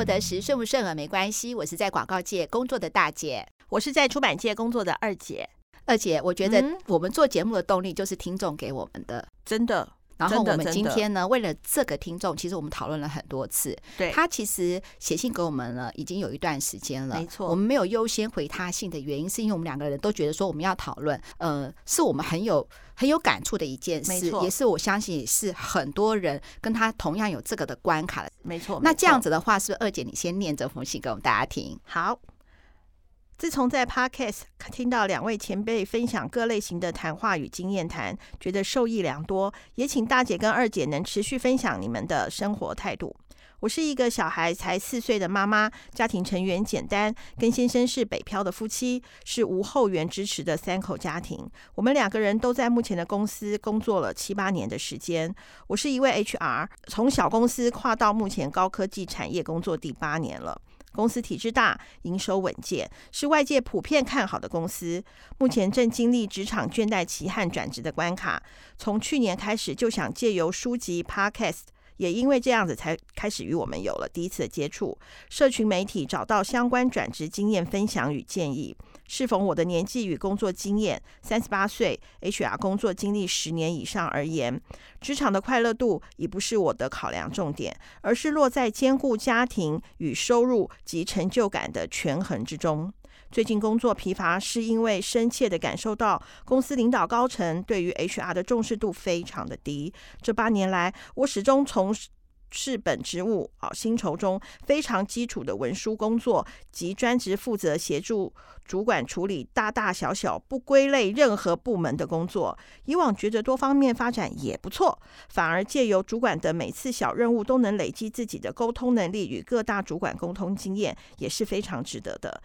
獲得時順不順耳沒關係，我是在廣告界工作的大姐，我是在出版界工作的二姐。二姐，我覺得、嗯、我們做節目的動力就是聽眾給我們的，真的。然後我們今天呢，為了這個聽眾，其實我們討論了很多次。對，他其實寫信給我們了，已經有一段時間了。沒錯，我們沒有優先回他信的原因，是因為我們兩個人都覺得說我們要討論，呃，是我們很有很有感觸的一件事，也是我相信是很多人跟他同樣有這個的關卡的。沒錯，那這樣子的話，是不是二姐你先念這封信給我們大家聽？好。自從在 Podcast 聽到兩位前輩分享各類型的談話與經驗談，覺得受益良多，也請大姐跟二姐能持續分享你們的生活態度。我是一個小孩才四歲的媽媽，家庭成員簡單，跟先生是北漂的夫妻，是無後援支持的三口家庭。我們兩個人都在目前的公司工作了七八年的時間。我是一位 HR，從小公司跨到目前高科技產業工作第八年了。公司體制大，營收穩健，是外界普遍看好的公司。目前正經歷職場倦怠期和轉職的關卡。從去年開始就想借由書籍、Podcast，也因為這樣子才開始與我們有了第一次的接觸。社群媒體找到相關轉職經驗分享與建議。適逢我的年紀與工作經驗，三十八歲，HR 工作經歷十年以上而言，職場的快樂度已不是我的考量重點，而是落在兼顧家庭與收入及成就感的權衡之中。最近工作疲乏，是因為深切的感受到公司領導高層對於 HR 的重視度非常的低。這八年來，我始終從。是本職務啊，哦，薪酬中非常基礎的文書工作，及專職負責協助主管處理大大小小不歸類任何部門的工作。以往覺得多方面發展也不錯，反而借由主管的每次小任務，都能累積自己的溝通能力與各大主管溝通經驗，也是非常值得的。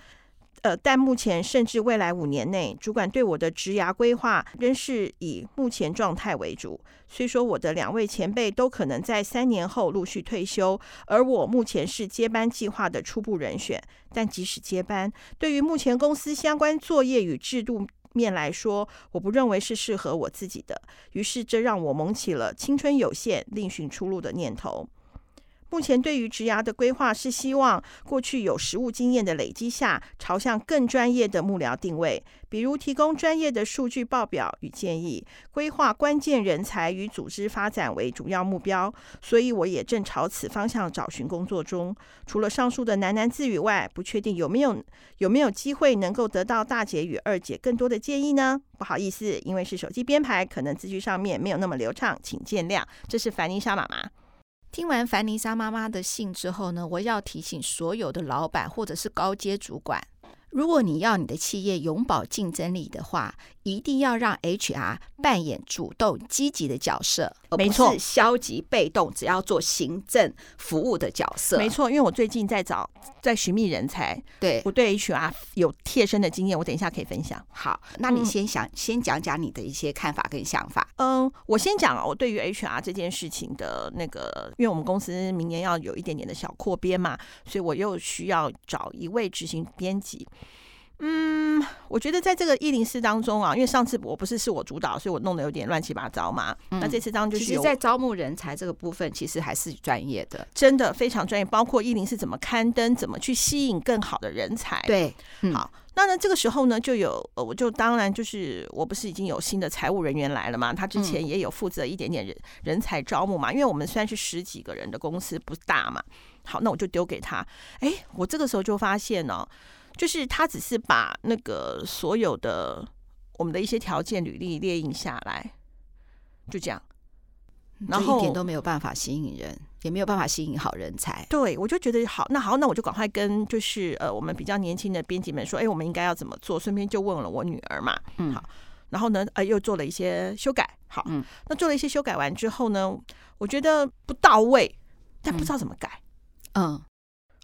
呃，但目前甚至未來五年內，主管對我的職涯規劃仍是以目前狀態為主。雖說我的兩位前輩都可能在三年後陸續退休，而我目前是接班計劃的初步人選，但即使接班，對於目前公司相關作業與制度面來說，我不認為是適合我自己的。於是，這讓我萌起了青春有限，另尋出路的念頭。目前對於職涯的規劃是希望過去有實務經驗的累積下，朝向更專業的幕僚定位，比如提供專業的數據報表與建議，規劃關鍵人才與組織發展為主要目標。所以我也正朝此方向找尋工作中。除了上述的喃喃自語外，不確定有沒有，有沒有機會能夠得到大姐與二姐更多的建議呢？不好意思，因為是手機編排，可能字句上面沒有那麼流暢，請見諒。這是凡妮莎媽媽。聽完凡妮莎媽媽的信之後呢，我要提醒所有的老闆或者是高階主管，如果你要你的企業永保競爭力的話，一定要讓 HR 扮演主動積極的角色，沒錯，消極被動，只要做行政服務的角色，沒錯。因為我最近在找，在尋覓人才，對，我對 HR 有貼身的經驗，我等一下可以分享。好，那你先想、嗯，先講講你的一些看法跟想法。嗯，我先講啊，我對於 HR 這件事情的那個，因為我們公司明年要有一點點的小擴編嘛，所以我又需要找一位執行編輯。嗯，我覺得在這個104當中啊，因為上次我不是是我主導，所以我弄得有點亂七八糟嘛。嗯、那這次當中就是，其實在招募人才這個部分，其實還是專業的，真的非常專業。包括104怎麼刊登，怎麼去吸引更好的人才。對，嗯、好，那呢，這個時候呢，就有、呃、我就當然就是，我不是已經有新的財務人員來了嘛，他之前也有負責一點點人、嗯、人才招募嘛，因為我們雖然是十幾個人的公司，不大嘛。好，那我就丟給他。哎，我這個時候就發現呢、哦。就是他只是把那個所有的我們的一些條件履歷列印下來，就這樣，然後一點都沒有辦法吸引人，也沒有辦法吸引好人才。對，我就覺得好，那好，那我就趕快跟就是呃，我們比較年輕的編輯們說，欸，我們應該要怎麼做？順便就問了我女兒嘛，嗯，好，然後呢，呃，又做了一些修改，好，嗯，那做了一些修改完之後呢，我覺得不到位，但不知道怎麼改，嗯。嗯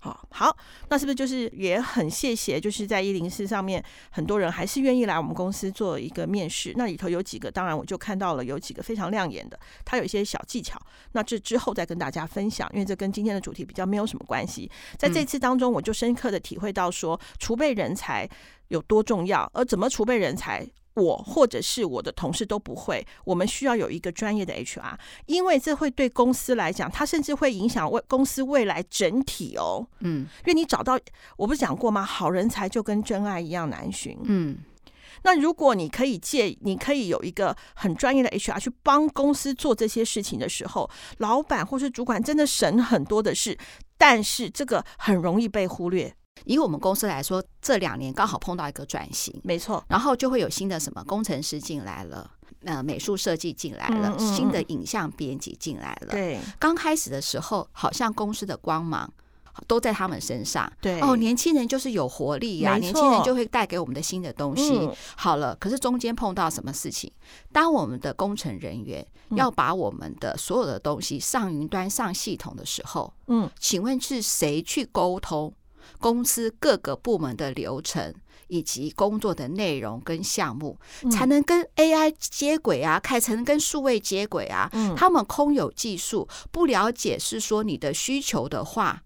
好，好，那是不是就是也很謝謝？就是在一零四上面，很多人還是願意來我們公司做一個面試。那裡頭有幾個，當然我就看到了有幾個非常亮眼的，他有一些小技巧。那這之後再跟大家分享，因為這跟今天的主題比較沒有什麼關係。在這次當中，我就深刻的體會到說，嗯，儲備人才有多重要，而怎麼儲備人才。我或者是我的同事都不會，我們需要有一個專業的 HR，因為這會對公司來講，它甚至會影響為公司未來整體哦。嗯，因為你找到我不是講過嗎？好人才就跟真愛一樣難尋。嗯，那如果你可以借，你可以有一個很專業的 HR 去幫公司做這些事情的時候，老闆或是主管真的省很多的事，但是這個很容易被忽略。以我們公司來說，這兩年剛好碰到一個轉型，沒錯，然後就會有新的什麼工程師進來了，呃，美術設計進來了、嗯嗯，新的影像編輯進來了。對，剛開始的時候，好像公司的光芒都在他們身上。對，哦，年輕人就是有活力呀，年輕人就會帶給我們的新的東西，嗯。好了，可是中間碰到什麼事情？當我們的工程人員要把我們的所有的東西上雲端、上系統的時候，嗯，請問是誰去溝通？公司各個部門的流程以及工作的內容跟項目，才能跟 AI 接軌啊，才能跟數位接軌啊。他們空有技術，不了解是說你的需求的話，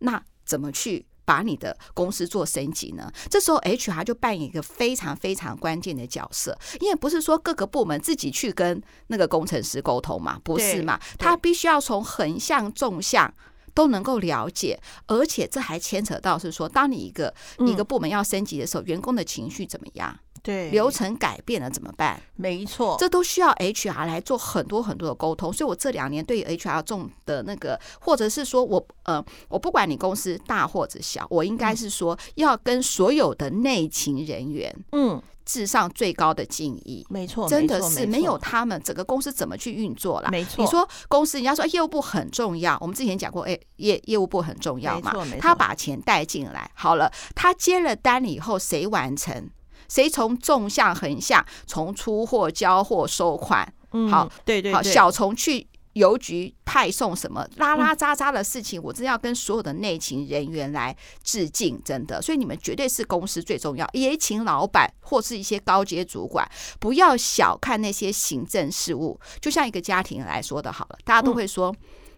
那怎麼去把你的公司做升級呢？這時候 HR 就扮演一個非常非常關鍵的角色，因為不是說各個部門自己去跟那個工程師溝通嘛，不是嘛？他必須要從橫向、縱向。都能夠了解，而且這還牽扯到是說，當你一個、嗯、一個部門要升級的時候，員工的情緒怎麼樣？對，流程改變了怎麼辦？沒錯，這都需要 HR 來做很多很多的溝通。所以我這兩年對於 HR 重的那個，或者是說我呃，我不管你公司大或者小，我應該是說要跟所有的內勤人員，嗯。至上最高的敬意，沒錯，真的是沒，沒有他們，整個公司怎麼去運作了？沒錯，你說公司，人家說、欸、業務部很重要，我們之前講過，誒、欸，業業務部很重要嘛？沒錯，沒錯，他把錢帶進來，好了，他接了單了以後，誰完成？誰從縱向、橫向，從出貨、交貨、收款？嗯，好，對對，對，好，小從去。郵局派送什麼拉拉雜雜的事情，我真要跟所有的內勤人員來致敬，真的。所以你們絕對是公司最重要，也請老闆或是一些高階主管不要小看那些行政事務。就像一個家庭來說的好了，大家都會說，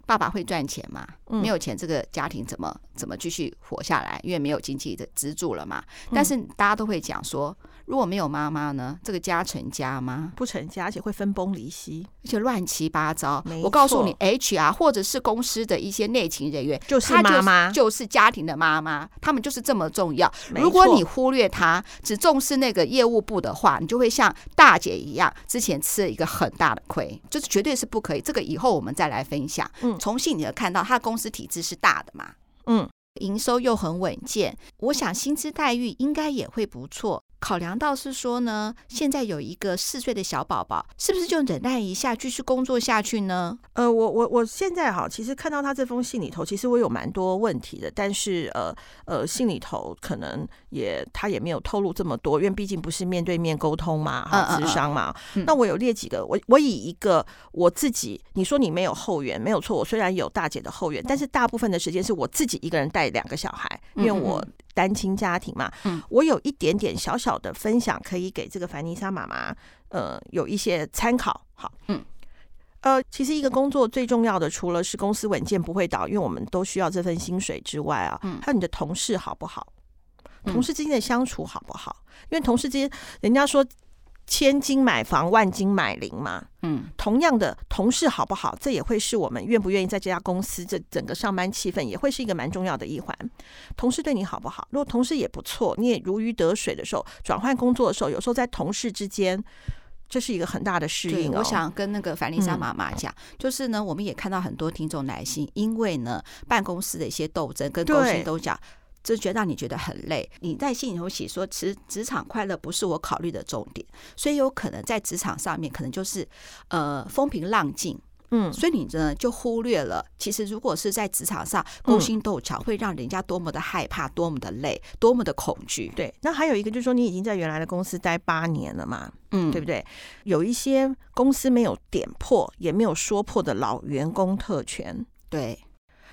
爸爸會賺錢嘛，沒有錢這個家庭怎麼怎麼繼續活下來？因為沒有經濟的資助了嘛。但是大家都會講說，如果沒有媽媽呢？這個家成家嗎？不成家，而且會分崩離析，而且亂七八糟。我告訴你，HR 或者是公司的一些內勤人員，就是媽媽就，就是家庭的媽媽，他們就是這麼重要。如果你忽略他，只重視那個業務部的話，你就會像大姐一樣，之前吃了一個很大的虧，就是絕對是不可以。這個以後我們再來分享。嗯，從信你就看到，他公司體制是大的嘛。嗯，營收又很穩健，我想薪資待遇應該也會不錯。考量到是說呢，現在有一個四歲的小寶寶，是不是就忍耐一下，繼續工作下去呢？呃，我我我現在哈，其實看到他這封信裡頭，其實我有蠻多問題的，但是呃呃，信裡頭可能也他也沒有透露這麼多，因為畢竟不是面對面溝通嘛，哈，諮商嘛，呃呃呃。那我有列幾個，我我以一個我自己，你說你沒有後援，沒有錯，我雖然有大姐的後援，但是大部分的時間是我自己一個人帶兩個小孩，因為我。嗯哼哼單親家庭嘛，嗯，我有一點點小小的分享可以給這個凡妮莎媽媽，呃，有一些參考。好，嗯，呃，其實一個工作最重要的，除了是公司穩健不會倒，因為我們都需要這份薪水之外啊，嗯、還有你的同事好不好？同事之間的相處好不好？因為同事之間，人家說。千金買房，萬金買鄰嘛。嗯，同樣的同事好不好，這也會是我們願不願意在這家公司，這整個上班氣氛也會是一個蠻重要的一環。同事對你好不好？如果同事也不錯，你也如魚得水的時候，轉換工作的時候，有時候在同事之間，這是一個很大的事情、哦。我想跟那個樊麗莎媽媽講，就是呢，我們也看到很多聽眾來信，因為呢，辦公室的一些鬥爭跟勾心都講。就覺得讓你覺得很累，你在心裡頭想說，其實職場快樂不是我考慮的重點，所以有可能在職場上面可能就是呃風平浪靜，嗯，所以你呢就忽略了，其實如果是在職場上勾心鬥角、嗯，會讓人家多麼的害怕，多麼的累，多麼的恐懼。對，那還有一個就是說，你已經在原來的公司待八年了嘛，嗯，對不對？有一些公司沒有點破，也沒有說破的老員工特權，對。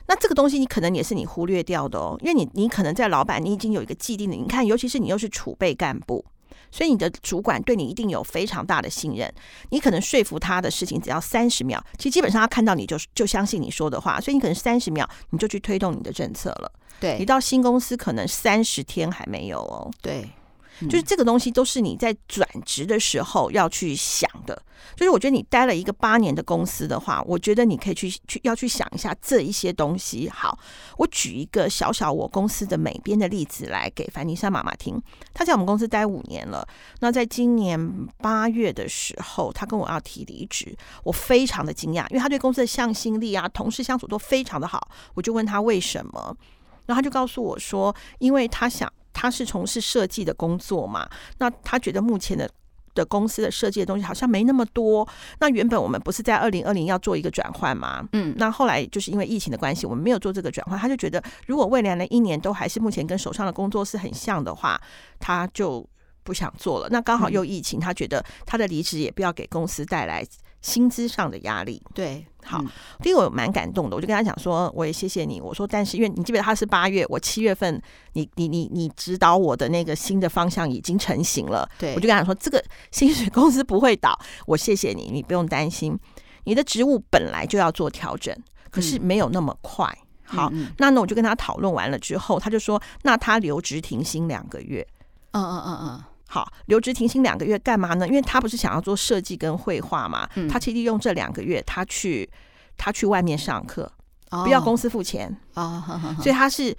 那這個東西你可能也是你忽略掉的哦，因為你你可能在老闆，你已經有一個既定的，你看，尤其是你又是儲備幹部，所以你的主管對你一定有非常大的信任，你可能說服他的事情只要三十秒，其實基本上他看到你就就相信你說的話，所以你可能三十秒你就去推動你的政策了，對。你到新公司可能三十天還沒有哦。對。就是這個東西都是你在轉職的時候要去想的，嗯。就是我覺得你待了一個八年的公司的話，我覺得你可以去去要去想一下這一些東西。好，我舉一個小小我公司的美編的例子來給凡妮莎媽媽聽。她在我們公司待五年了。那在今年八月的時候，她跟我要提離職，我非常的驚訝，因為她對公司的向心力啊、同事相處都非常的好。我就問她為什麼，然後她就告訴我說，因為她想。他是從事設計的工作嘛？那他覺得目前的的公司的設計的東西好像沒那麼多。那原本我們不是在二零二零要做一個轉換嘛？嗯，那後來就是因為疫情的關係，我們沒有做這個轉換。他就覺得，如果未來的一年都還是目前跟手上的工作是很像的話，他就不想做了。那剛好又疫情，嗯，他覺得他的離職也不要給公司帶來。薪資上的壓力，對，好，嗯、因為我蠻感動的，我就跟他講說，我也謝謝你，我說但是因為你記得他是八月，我七月份你，你你你你指導我的那個新的方向已經成型了，對，我就跟他說，這個薪水公司不會倒，我謝謝你，你不用擔心，你的職務本來就要做調整，可是沒有那麼快，嗯、好嗯嗯，那那我就跟他討論完了之後，他就說，那他留職停薪兩個月，嗯嗯嗯嗯。嗯嗯好，留職停薪兩個月幹嘛呢？因為他不是想要做設計跟繪畫嘛，嗯、他其實利用這兩個月，他去他去外面上課、哦，不要公司付錢、哦、呵呵呵所以，他是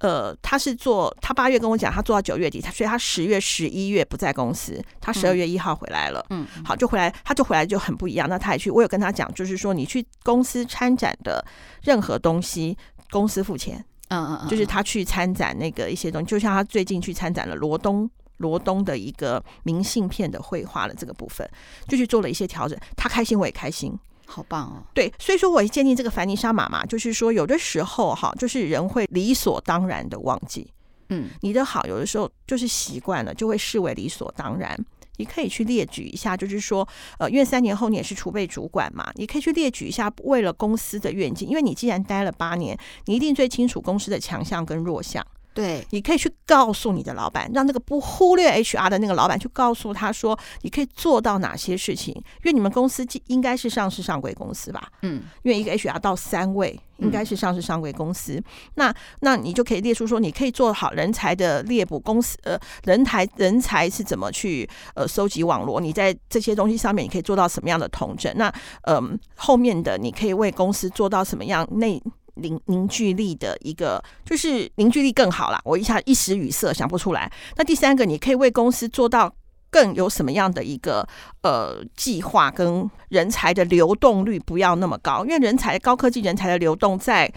呃，他是做他八月跟我講，他做到九月底，他所以他十月十一月不在公司，他十二月一號回來了，嗯，好就回來，他就回來就很不一樣。那他也去，我有跟他講，就是說你去公司參展的任何東西，公司付錢，嗯嗯，嗯，嗯，就是他去參展那個一些東西，就像他最近去參展了羅東。羅東的一個明信片的繪畫了這個部分，就去做了一些調整。他開心，我也開心，好棒哦！對，所以說，我一建議這個凡妮莎媽媽，就是說，有的時候哈，就是人會理所當然的忘記，嗯，你的好，有的時候就是習慣了，就會視為理所當然。你可以去列舉一下，就是說，呃，因為三年後你也是儲備主管嘛，你可以去列舉一下，為了公司的願景，因為你既然待了八年，你一定最清楚公司的強項跟弱項。對，你可以去告訴你的老板，讓那個不忽略 HR 的那個老板去告訴他說，你可以做到哪些事情。因為你們公司應該是上市上櫃公司吧？嗯，因為一個 HR 到三位，應該是上市上櫃公司，嗯。那，那你就可以列出說，你可以做好人才的獵捕，公司呃，人才人才是怎麼去呃收集網絡？你在這些東西上面，你可以做到什麼樣的統整？那，嗯、呃，後面的你可以為公司做到什麼樣內？凝凝聚力的一個，就是凝聚力更好了。我一下一時語塞，想不出來。那第三個，你可以為公司做到更有什麼樣的一個呃計劃，跟人才的流動率不要那麼高，因為人才，高科技人才的流動在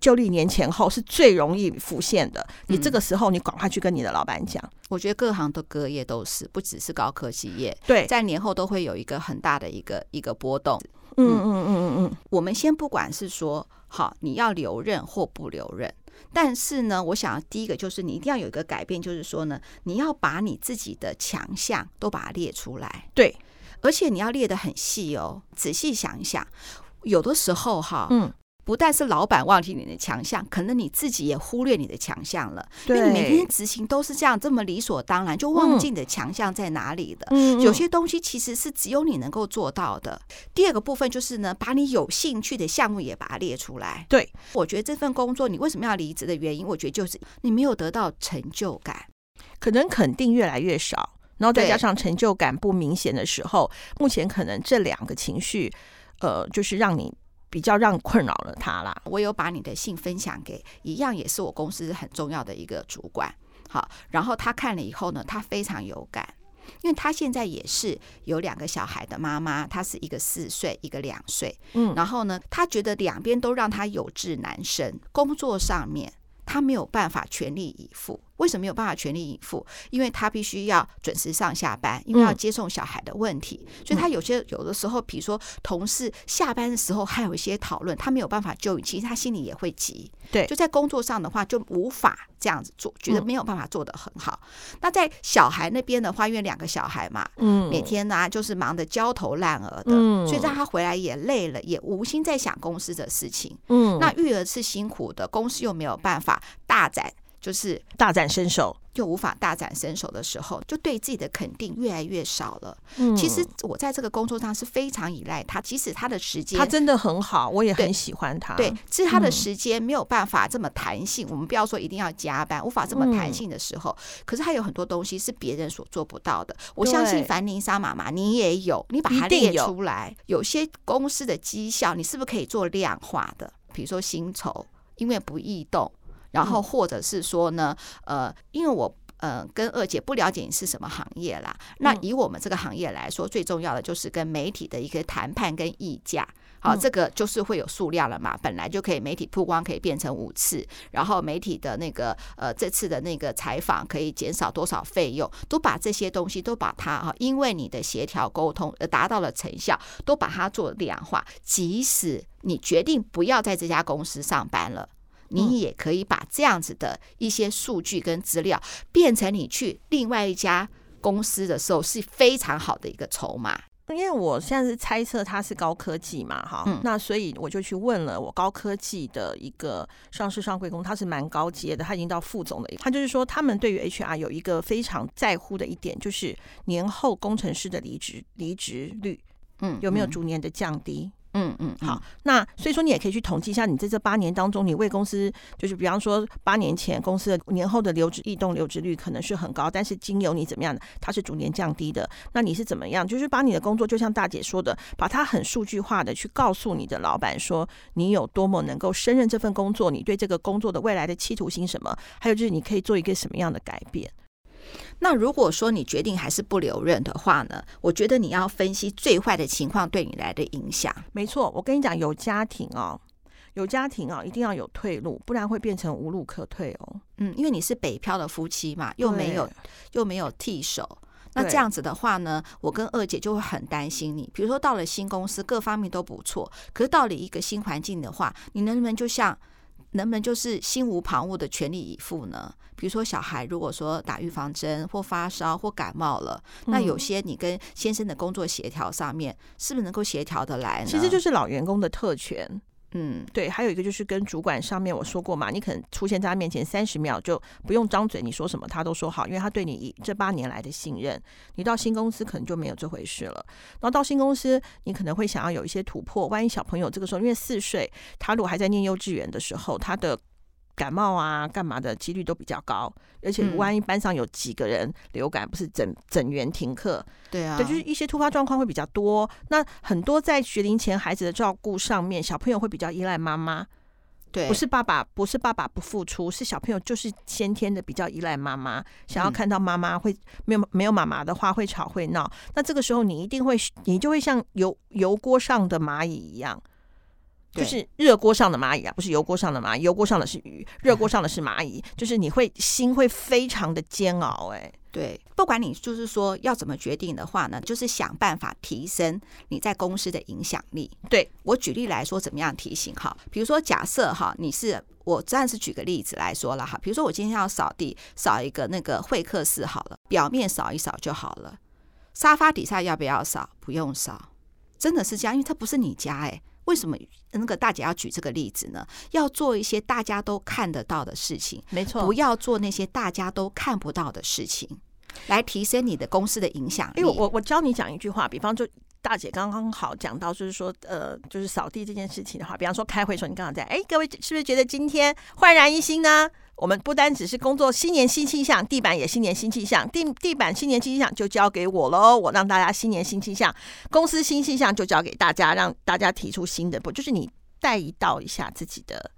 舊曆年前後是最容易浮現的。你這個時候，你趕快去跟你的老闆講。嗯，我覺得各行的各業都是，不只是高科技業，對，在年後都會有一個很大的一個一個波動。嗯嗯嗯嗯嗯，我們先不管是說，好，你要留任或不留任，但是呢，我想第一個就是你一定要有一個改變，就是說呢，你要把你自己的強項都把它列出來。對，而且你要列得很細哦，仔細想一想，有的時候哈，嗯。不但是老闆忘記你的強項，可能你自己也忽略你的強項了。對，因為你每天執行都是這樣，這麼理所當然，就忘記你的強項在哪裡了。嗯，有些東西其實是只有你能夠做到的。嗯嗯。第二個部分就是呢，把你有興趣的項目也把它列出來。對，我覺得這份工作你為什麼要離職的原因，我覺得就是你沒有得到成就感，可能肯定越來越少。然後再加上成就感不明顯的時候，目前可能這兩個情緒，呃，就是讓你。比較讓困擾了他啦、嗯。我有把你的信分享給一樣也是我公司很重要的一個主管，好，然後他看了以後呢，他非常有感，因為他現在也是有兩個小孩的媽媽，他是一個四歲，一個兩歲，嗯，然後呢，他覺得兩邊都讓他有志難伸。工作上面他沒有辦法全力以赴。為什麼沒有辦法全力以赴？因為他必須要準時上下班，因為要接送小孩的問題，嗯、所以他有些有的時候，比如說同事下班的時候還有一些討論，他沒有辦法參與，其實他心裡也會急。對，就在工作上的話，就無法這樣子做，覺得沒有辦法做得很好、嗯。那在小孩那邊的話，因為兩個小孩嘛，每天呢、啊、就是忙得焦頭爛額的、嗯，所以讓他回來也累了，也無心在想公司的事情。嗯，那育兒是辛苦的，公司又沒有辦法大展。就是大展身手，就無法大展身手的時候，就對自己的肯定越來越少了。嗯、其實我在這個工作上是非常依賴他，即使他的時間他真的很好，我也很喜歡他。對，只是他的時間沒有辦法這麼彈性、嗯。我們不要說一定要加班，無法這麼彈性的時候，嗯、可是他有很多東西是別人所做不到的。我相信凡寧莎媽媽，你也有，你把它列出來有。有些公司的績效，你是不是可以做量化的？比如說薪酬，因為不易動。然後，或者是說呢，呃，因為我呃跟二姐不了解你是什麼行業啦。那以我們這個行業來說，最重要的就是跟媒體的一個談判跟議價。好，這個就是會有數量了嘛？本來就可以媒體曝光可以變成五次，然後媒體的那個呃這次的那個採訪可以減少多少費用，都把這些東西都把它哈，因為你的協調溝通而達到了成效，都把它做量化。即使你決定不要在這家公司上班了。你也可以把這樣子的一些數據跟資料變成你去另外一家公司的時候是非常好的一個籌碼，嗯。因為我現在是猜測它是高科技嘛，哈、嗯，那所以我就去問了我高科技的一個上市上櫃公司，他是蠻高階的，他已經到副總了。他就是說，他們對於 HR 有一個非常在乎的一點，就是年後工程師的離職離職率，嗯，有沒有逐年的降低？嗯嗯嗯嗯，好，那所以說你也可以去統計一下，你在這八年當中，你為公司就是，比方說八年前公司的年後的留職異動留職率可能是很高，但是經由你怎麼樣的，它是逐年降低的。那你是怎麼樣，就是把你的工作，就像大姐說的，把它很數據化的去告訴你的老板，說你有多麼能夠勝任這份工作，你對這個工作的未來的企圖心什麼，還有就是你可以做一個什麼樣的改變。那如果說你決定還是不留任的話呢？我覺得你要分析最壞的情況對你來的影響。沒錯，我跟你講，有家庭哦，有家庭哦，一定要有退路，不然會變成無路可退哦。嗯，因為你是北漂的夫妻嘛，又沒有又沒有替手，那這樣子的話呢，我跟二姐就會很擔心你。比如說到了新公司，各方面都不錯，可是到了一個新環境的話，你能不能就像？能不能就是心無旁騖的全力以赴呢？比如說，小孩如果說打預防針或發燒或感冒了，那有些你跟先生的工作協調上面，是不是能夠協調得來呢？嗯。其實就是老員工的特權。嗯，對，還有一個就是跟主管上面我說過嘛，你可能出現在他面前三十秒就不用張嘴，你說什麼他都說好，因為他對你這八年來的信任。你到新公司可能就沒有這回事了。然後到新公司，你可能會想要有一些突破。萬一小朋友這個時候因為四歲，他如果還在念幼稚園的時候，他的。感冒啊，幹嘛的幾率都比較高，而且萬一班上有幾個人流感，嗯、不是整整園停課，對啊，對，就是一些突發狀況會比較多。那很多在學齡前孩子的照顧上面，小朋友會比較依賴媽媽，對，不是爸爸，不是爸爸不付出，是小朋友就是先天的比較依賴媽媽，想要看到媽媽，會沒有沒有媽媽的話會吵會鬧、嗯。那這個時候你一定會，你就會像油油鍋上的螞蟻一樣。就是熱鍋上的螞蟻啊，不是油鍋上的螞蟻，油鍋上的是魚，熱鍋上的是螞蟻，就是你會心會非常的煎熬誒、欸。對，不管你就是說要怎麼決定的話呢，就是想辦法提升你在公司的影響力。對，我舉例來說，怎麼樣提醒哈？比如說，假設哈，你是我暫時舉個例子來說了哈，比如說我今天要掃地，掃一個那個會客室好了，表面掃一掃就好了。沙發底下要不要掃？不用掃，真的是這樣，因為它不是你家哎、欸。為什麼那個大姐要舉這個例子呢？要做一些大家都看得到的事情，沒錯，不要做那些大家都看不到的事情，來提升你的公司的影響力。哎，我我教你講一句話，比方說。大姐剛剛好講到，就是說，呃，就是掃地這件事情的話，比方說開會的時候，你剛好在，哎，各位是不是覺得今天煥然一新呢？我們不單只是工作新年新氣象，地板也新年新氣象，地地板新年新氣象就交給我咯，我讓大家新年新氣象，公司新氣象就交給大家，讓大家提出新的，不就是你帶一道一下自己的，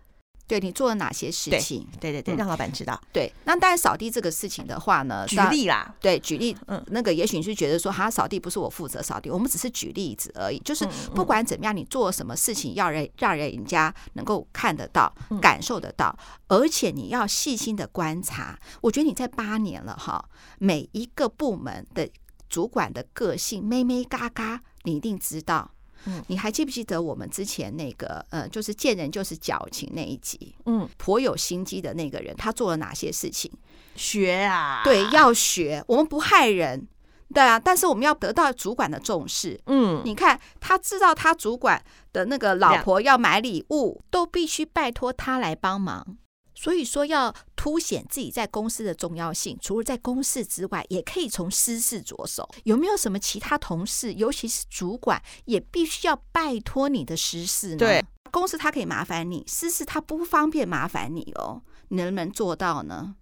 對你做了哪些事情？對對對，對、嗯，讓老板知道。對，那當然掃地這個事情的話呢，舉例啦。對，舉例，嗯，那個也許你是覺得說，哈、嗯啊，掃地不是我負責掃地，我們只是舉例子而已。就是不管怎麼樣，你做什麼事情要人，要讓讓人家能夠看得到、嗯、感受得到，而且你要細心的觀察。我覺得你在八年了哈，每一個部門的主管的個性，咩咩嘎嘎，你一定知道。嗯，你還記不記得我們之前那個呃、嗯，就是見人就是矯情那一集？嗯，頗有心機的那個人，他做了哪些事情？學啊，對，要學。我們不害人，對啊，但是我們要得到主管的重視。嗯，你看，他知道他主管的那個老婆要買禮物，yeah. 都必須拜托他來幫忙。所以說，要凸顯自己在公司的重要性，除了在公事之外，也可以從私事着手。有沒有什麼其他同事，尤其是主管，也必須要拜託你的私事呢？對，公司他可以麻煩你，私事他不方便麻煩你哦。你能不能做到呢？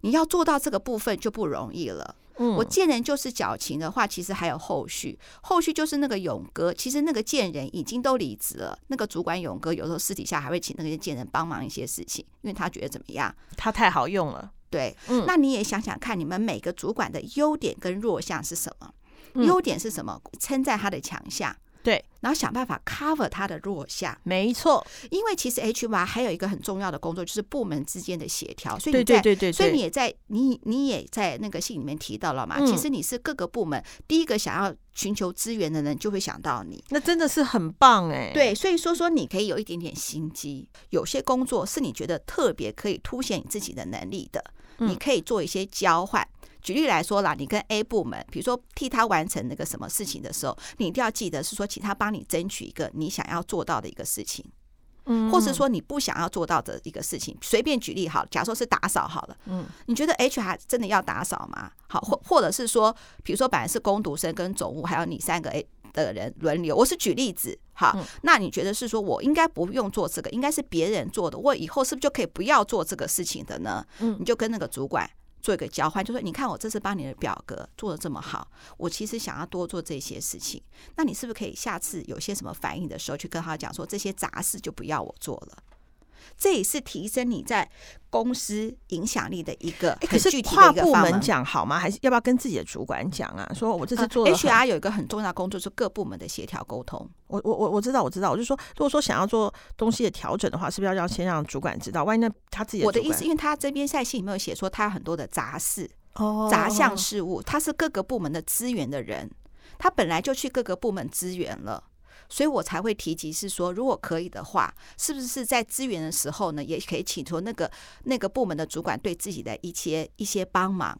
你要做到這個部分就不容易了。嗯、我賤人就是矯情的話，其實還有後續，後續就是那個勇哥，其實那個賤人已經都離職了。那個主管勇哥有時候私底下還會請那個賤人幫忙一些事情，因為他覺得怎麼樣？他太好用了。對，嗯、那你也想想看，你們每個主管的優點跟弱項是什麼？優點是什麼？撐在他的強項。對，然後想辦法 cover 它的弱項，沒錯。因為其實 HR 還有一個很重要的工作，就是部門之間的協調。所以你在，對對對對對，所以你也在，你你也在那個信裡面提到了嘛。嗯、其實你是各個部門第一個想要尋求資源的人，就會想到你。那真的是很棒哎、欸。對，所以說說你可以有一點點心機，有些工作是你覺得特別可以凸顯你自己的能力的，嗯、你可以做一些交換。舉例來說啦，你跟 A 部門，比如說替他完成那個什麼事情的時候，你一定要記得是說，請他幫你爭取一個你想要做到的一個事情，嗯，或是說你不想要做到的一個事情。隨便舉例好了，假如說是打掃好了，嗯，你覺得 HR 真的要打掃嗎？好，或或者是說，比如說本來是工讀生跟總務還有你三個 A 的人輪流，我是舉例子哈。那你覺得是說我應該不用做這個，應該是別人做的，我以後是不是就可以不要做這個事情的呢？嗯，你就跟那個主管。做一個交換，就是說，你看我這次幫你的表格做的這麼好，我其實想要多做這些事情，那你是不是可以下次有些什麼反應的時候去跟他講說，這些雜事就不要我做了？這也是提升你在公司影響力的一個，具體的一個，可是跨部門講好嗎？還是要不要跟自己的主管講啊？說我這次做、uh, HR 有一個很重要的工作是各部門的協調溝通。我我我我知道我知道，我就說如果說想要做東西的調整的話，是不是要先讓主管知道？萬一那他自己的我的意思，因為他這邊在信裡面有寫說他有很多的雜事哦，oh. 雜項事務，他是各個部門的資源的人，他本來就去各個部門資源了。所以我才會提及是說，如果可以的話，是不是在資源的時候呢，也可以請求那個那個部門的主管對自己的一些一些幫忙？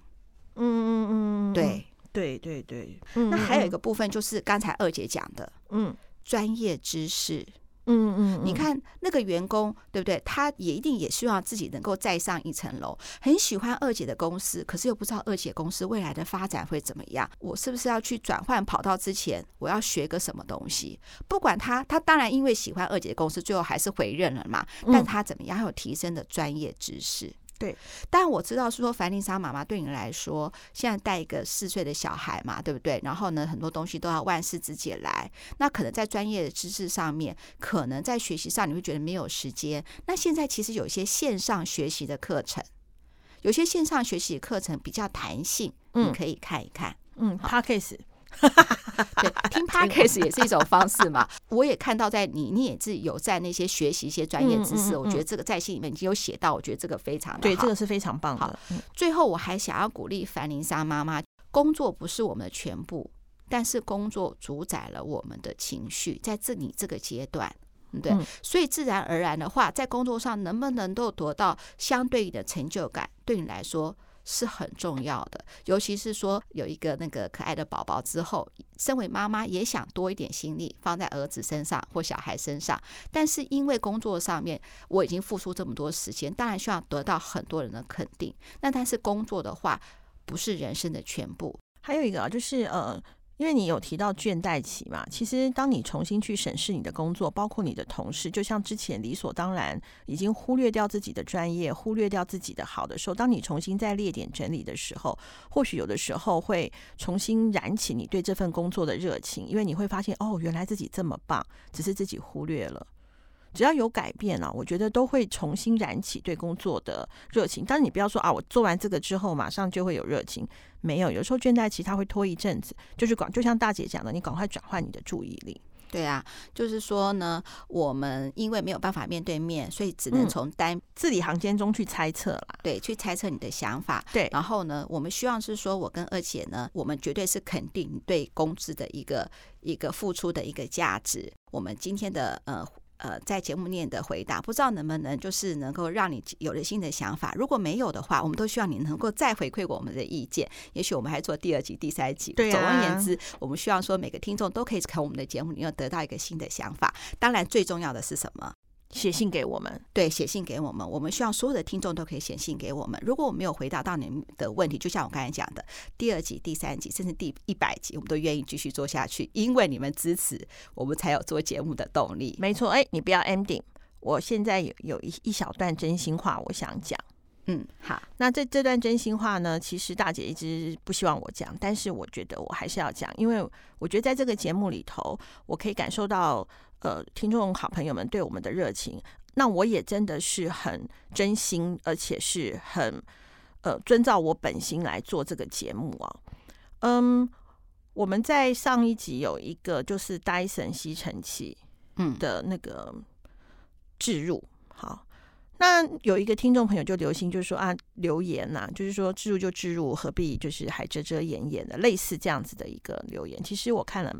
嗯嗯嗯，對對對對，那還有一個部分就是剛才二姐講的，嗯，專業知識。嗯，嗯嗯，你看那個員工對不對？他也一定也希望自己能夠再上一層樓。很喜歡二姐的公司，可是又不知道二姐公司未來的發展會怎麼樣。我是不是要去轉換跑道之前，我要學個什麼東西？不管他，他當然因為喜歡二姐公司，最後還是回任了嘛。但他怎麼樣還有提升的專業知識？對，但我知道是說凡林莎媽媽，對你來說，現在帶一個四歲的小孩嘛，對不對？然後呢，很多東西都要萬事自己來，那可能在專業的知識上面，可能在學習上你會覺得沒有時間。那現在其實有些線上學習的課程，有些線上學習的課程比較彈性，你可以看一看，嗯,嗯，他可以試哈哈哈哈哈！對，聽 Podcast 也是一種方式嘛。 我也看到，在你，你也是有在那些學習一些專業知識嗯嗯嗯。我覺得這個在信裡面已經有寫到，我覺得這個非常的好對，這個是非常棒的。的、嗯。最後我還想要鼓勵凡林莎媽媽，工作不是我們的全部，但是工作主宰了我們的情緒。在你這個階段，對、嗯，所以自然而然的話，在工作上能不能夠得到相對應的成就感，對你來說？是很重要的，尤其是說有一個那個可愛的寶寶之後，身為媽媽也想多一點心力放在兒子身上或小孩身上，但是因為工作上面我已經付出這麼多時間，當然需要得到很多人的肯定。那但，但是工作的話，不是人生的全部。還有一個啊，就是呃。因為你有提到倦怠期嘛，其實當你重新去審視你的工作，包括你的同事，就像之前理所當然已經忽略掉自己的專業，忽略掉自己的好的時候，當你重新再列點整理的時候，或許有的時候會重新燃起你對這份工作的熱情，因為你會發現哦，原來自己這麼棒，只是自己忽略了。只要有改變啊，我覺得都會重新燃起對工作的熱情。但是你不要說啊，我做完這個之後馬上就會有熱情，沒有。有時候倦怠期，它會拖一陣子。就是廣，就像大姐講的，你趕快轉換你的注意力。對啊，就是說呢，我們因為沒有辦法面對面，所以只能從單字裡、嗯、行間中去猜測啦。對，去猜測你的想法。對，然後呢，我們希望是說，我跟二姐呢，我們絕對是肯定對工資的一個一個付出的一個價值。我們今天的呃。呃，在節目念的回答，不知道能不能就是能夠讓你有了新的想法。如果沒有的話，我們都希望你能夠再回饋我們的意見。也許我們還做第二集、第三集。對，總而言之，我們需要說每個聽眾都可以從我們的節目裡面得到一個新的想法。當然，最重要的是什麼？寫信給我們，對，寫信給我們，我們希望所有的聽眾都可以寫信給我們。如果我沒有回答到你們的問題，就像我剛才講的，第二集、第三集，甚至第一百集，我們都願意繼續做下去，因為你們支持，我們才有做節目的動力。沒錯，哎、欸，你不要 ending，我現在有一一小段真心話，我想講。嗯，好。那這這段真心話呢，其實大姐一直不希望我講，但是我覺得我還是要講，因為我覺得在這個節目裡頭，我可以感受到呃聽眾好朋友們對我們的熱情。那我也真的是很真心，而且是很呃遵照我本心來做這個節目啊。嗯，我們在上一集有一個就是戴森吸塵器嗯的那個置入，好。那有一個聽眾朋友就，流行就說、啊、留心、啊，就是說啊，留言吶，就是說置入就置入，何必就是還遮遮掩掩的，類似這樣子的一個留言。其實我看了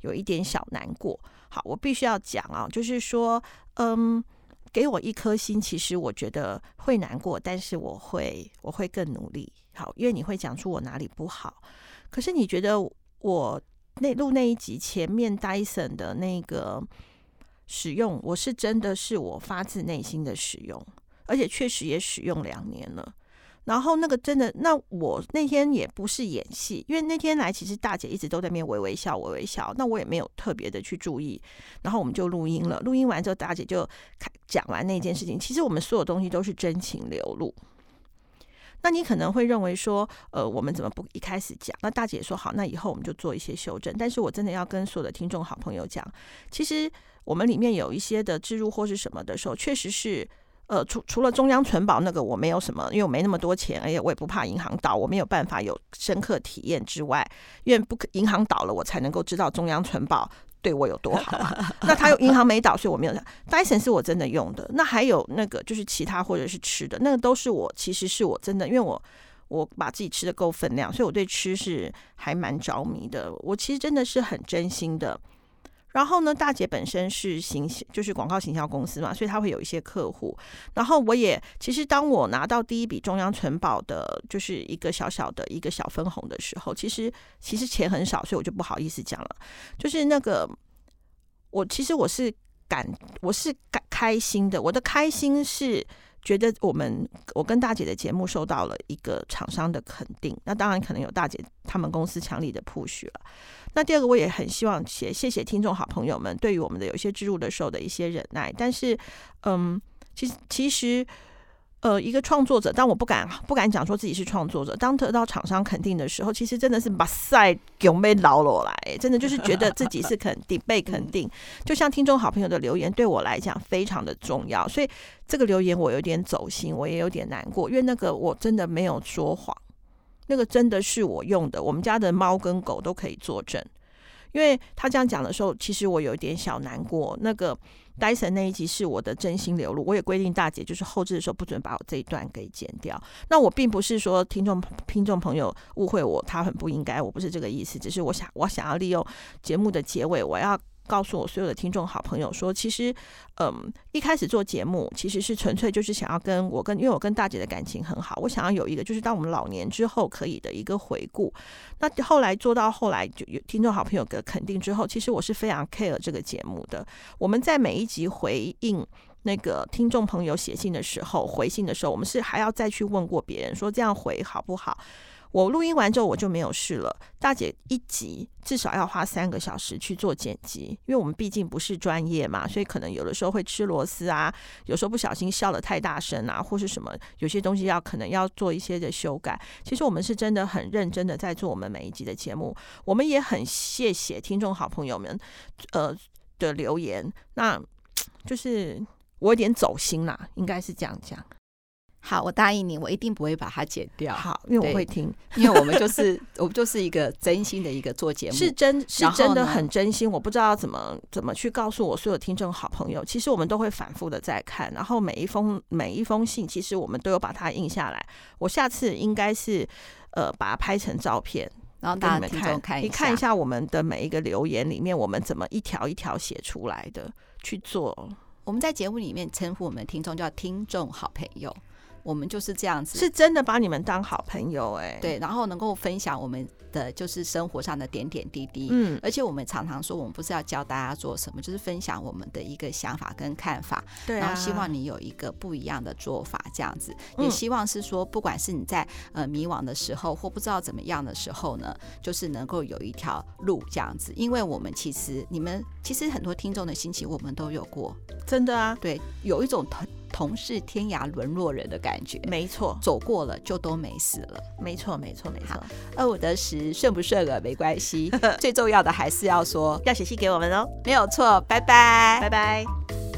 有一點小難過。好，我必須要講啊，就是說，嗯，給我一顆心，其實我覺得會難過，但是我會我會更努力。好，因為你會講出我哪裡不好，可是你覺得我那錄那一集前面戴森的那個。使用我是真的是我發自內心的使用，而且確實也使用兩年了。然後那個真的，那我那天也不是演戲，因為那天來其實大姐一直都在那邊微微笑微微笑，那我也沒有特別的去注意。然後我們就錄音了，錄音完之後大姐就講完那件事情。其實我們所有東西都是真情流露。那你可能會認為說，呃，我們怎麼不一開始講？那大姐說好，那以後我們就做一些修正。但是我真的要跟所有的聽眾好朋友講，其實。我們裡面有一些的置入或是什麼的時候，確實是，呃，除除了中央存保那個，我沒有什麼，因為我沒那麼多錢，哎呀，我也不怕銀行倒，我沒有辦法有深刻體驗之外，因為不銀行倒了，我才能夠知道中央存保對我有多好啊。 那他有銀行沒倒，所以我沒有想 ，Dyson 是我真的用的，那還有那個就是其他或者是吃的，那個，都是我其實是我真的，因為我我把自己吃的夠分量，所以我對吃是還蠻着迷的。我其實真的是很真心的。然後呢，大姐本身是行就是廣告行銷公司嘛，所以她會有一些客戶。然後我也其實，當我拿到第一筆中央存保的，就是一個小小的一個小分紅的時候，其實其實錢很少，所以我就不好意思講了。就是那個，我其實我是感我是感開心的，我的開心是覺得我們我跟大姐的節目受到了一個廠商的肯定。那當然可能有大姐他們公司強力的 push 了。那第二個，我也很希望，謝謝聽眾好朋友們對於我們的有些置入的時候的一些忍耐。但是，嗯，其實其實，呃，一個創作者，當我不敢不敢講說自己是創作者。當得到廠商肯定的時候，其實真的是把塞給沒撈落來，真的就是覺得自己是肯定 被肯定。就像聽眾好朋友的留言，對我來講非常的重要。所以這個留言我有點走心，我也有點難過，因為那個我真的沒有說謊。那個真的是我用的，我們家的貓跟狗都可以作證。因為他這樣講的時候，其實我有點小難過。那個 Dyson 那一集是我的真心流露，我也規定大姐就是後製的時候不准把我這一段給剪掉。那我並不是說聽眾聽眾朋友誤會我，他很不應該，我不是這個意思，只是我想我想要利用節目的結尾，我要，告訴我所有的聽眾好朋友說，其實，嗯，一開始做節目其實是純粹就是想要跟我跟，因為我跟大姐的感情很好，我想要有一個就是當我們老年之後可以的一個回顧。那後來做到後來就，就有聽眾好朋友給肯定之後，其實我是非常 care 這個節目的。我們在每一集回應那個聽眾朋友寫信的時候，回信的時候，我們是還要再去問過別人說這樣回好不好？我錄音完之後我就沒有事了。大姐一集至少要花三個小時去做剪輯，因為我們畢竟不是專業嘛，所以可能有的時候會吃螺絲啊，有時候不小心笑得太大聲啊，或是什麼，有些東西要可能要做一些的修改。其實我們是真的很認真的在做我們每一集的節目，我們也很謝謝聽眾好朋友們呃的留言。那就是我有點走心啦，應該是這樣講。好，我答應你，我一定不會把它剪掉。好，因為我會聽，因為我們就是 我們就是一個真心的一個做節目，是真是真的很真心。我不知道要怎麼怎麼去告訴我所有聽眾好朋友。其實我們都會反覆的在看，然後每一封每一封信，其實我們都有把它印下來。我下次應該是呃把它拍成照片，然後大家們聽眾看一下你看，你看一下我們的每一個留言裡面，我們怎麼一條一條寫出來的去做。我們在節目裡面稱呼我們聽眾叫聽眾好朋友。我們就是這樣子，是真的把你們當好朋友。哎、欸，對，然後能夠分享我們的就是生活上的點點滴滴，嗯，而且我們常常說，我們不是要教大家做什麼，就是分享我們的一個想法跟看法，對、啊，然後希望你有一個不一樣的做法，這樣子、嗯，也希望是說，不管是你在呃迷惘的時候或不知道怎麼樣的時候呢，就是能夠有一條路這樣子，因為我們其實你們其實很多聽眾的心情，我們都有過，真的啊，對，有一種疼。同是天涯淪落人的感覺，沒錯，走過了就都沒事了，沒錯，沒錯，沒錯。二五得十，順不順啊？沒關係， 最重要的還是要說，要寫信給我們哦，沒有錯，拜拜，拜拜。